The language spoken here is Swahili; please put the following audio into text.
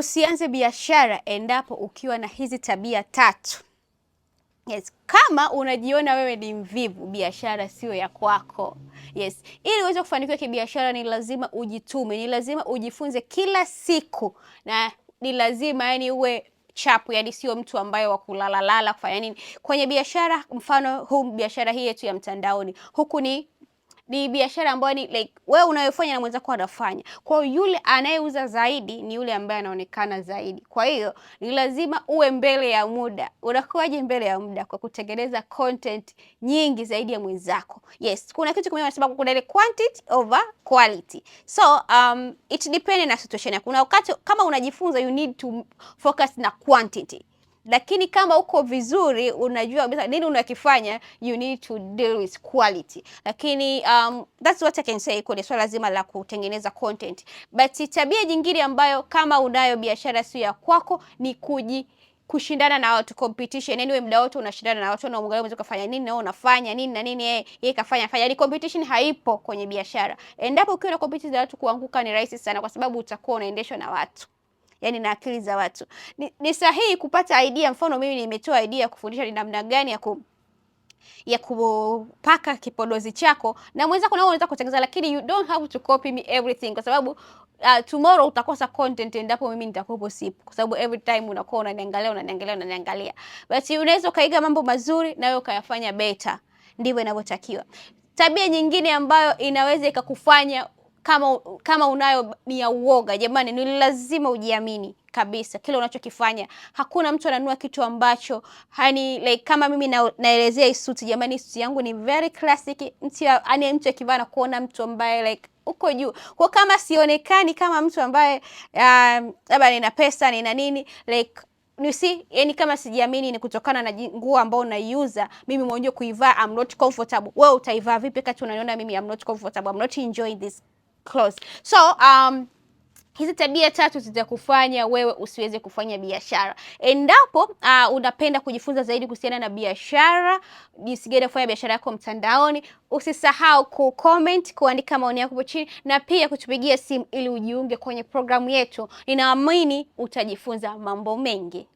Usianze biashara endapo ukiwa na hizi tabia tatu. Yes, kama unajiona wewe ni mvivu, biashara sio ya kwako. Yes, ili uweze kufanikiwa kibiashara ni lazima ujitume, ni lazima ujifunze kila siku na ni lazima yani uwe chapu yani, sio mtu ambaye wa kulalalala kufanya nini kwenye biashara. Mfano huu biashara hii yetu ya mtandaoni, huku ni ni biashara ambayo ni like wewe unayofanya na mwenzako anafanya. Kwa hiyo yule anayeuza zaidi ni yule ambaye anaonekana zaidi. Kwa hiyo ni lazima uwe mbele ya muda. Unakuwaje mbele ya muda? Kwa kutengeneza content nyingi zaidi ya mwenzako. Yes, kuna kitu kimoja nasema, kuna ile quantity over quality. So um, it depends na situation yako. Kuna wakati kama unajifunza you need to focus na quantity lakini kama uko vizuri, unajua kabisa nini unakifanya, you need to deal with quality. Lakini um, that's what I can say kwenye swala zima la kutengeneza content, but tabia nyingine ambayo kama unayo biashara sio ya kwako ni kuji kushindana na watu competition, yani wewe muda wote unashindana na watu, na mwangalia mwenzako kafanya nini na wewe unafanya nini na nini, yeye eh, yeye kafanya fanya. Ni yaani competition haipo kwenye biashara. Endapo ukiwa na competition za watu, kuanguka ni rahisi sana, kwa sababu utakuwa unaendeshwa na watu yani na akili za watu. Ni, ni sahihi kupata idea. Mfano mimi nimetoa idea ya kufundisha ni namna gani ya ku ya kupaka kipodozi chako na mwenzako nao unaweza kutengeneza, lakini you don't have to copy me everything, kwa sababu uh, tomorrow utakosa content endapo mimi nitakuwepo sipo, kwa sababu every time unakuwa unaniangalia unaniangalia unaniangalia, but unaweza ukaiga mambo mazuri na wewe ukayafanya better. Ndivyo inavyotakiwa. Tabia nyingine ambayo inaweza ikakufanya kama, kama unayo nia uoga, jamani, ni lazima ujiamini kabisa kile unachokifanya. Hakuna mtu ananua kitu ambacho hani, like, kama mimi na, naelezea suti jamani, suti yangu ni very classic. Mtu yani mtu akivaa na kuona mtu ambaye like uko juu kwa, kama sionekani kama mtu ambaye um, labda um, nina pesa nina nini like you see, yani kama sijiamini ni kutokana na nguo ambayo unaiuza. Mimi mwenyewe kuivaa I'm not comfortable. Wewe utaivaa vipi kati unaniona mimi I'm not comfortable, I'm not enjoying this close. So, um, hizi tabia tatu zitakufanya wewe usiweze kufanya biashara. Endapo uh, unapenda kujifunza zaidi kuhusiana na biashara, jinsi gani kufanya biashara yako mtandaoni, usisahau ku comment, kuandika maoni yako hapo chini na pia kutupigia simu ili ujiunge kwenye programu yetu. Ninaamini utajifunza mambo mengi.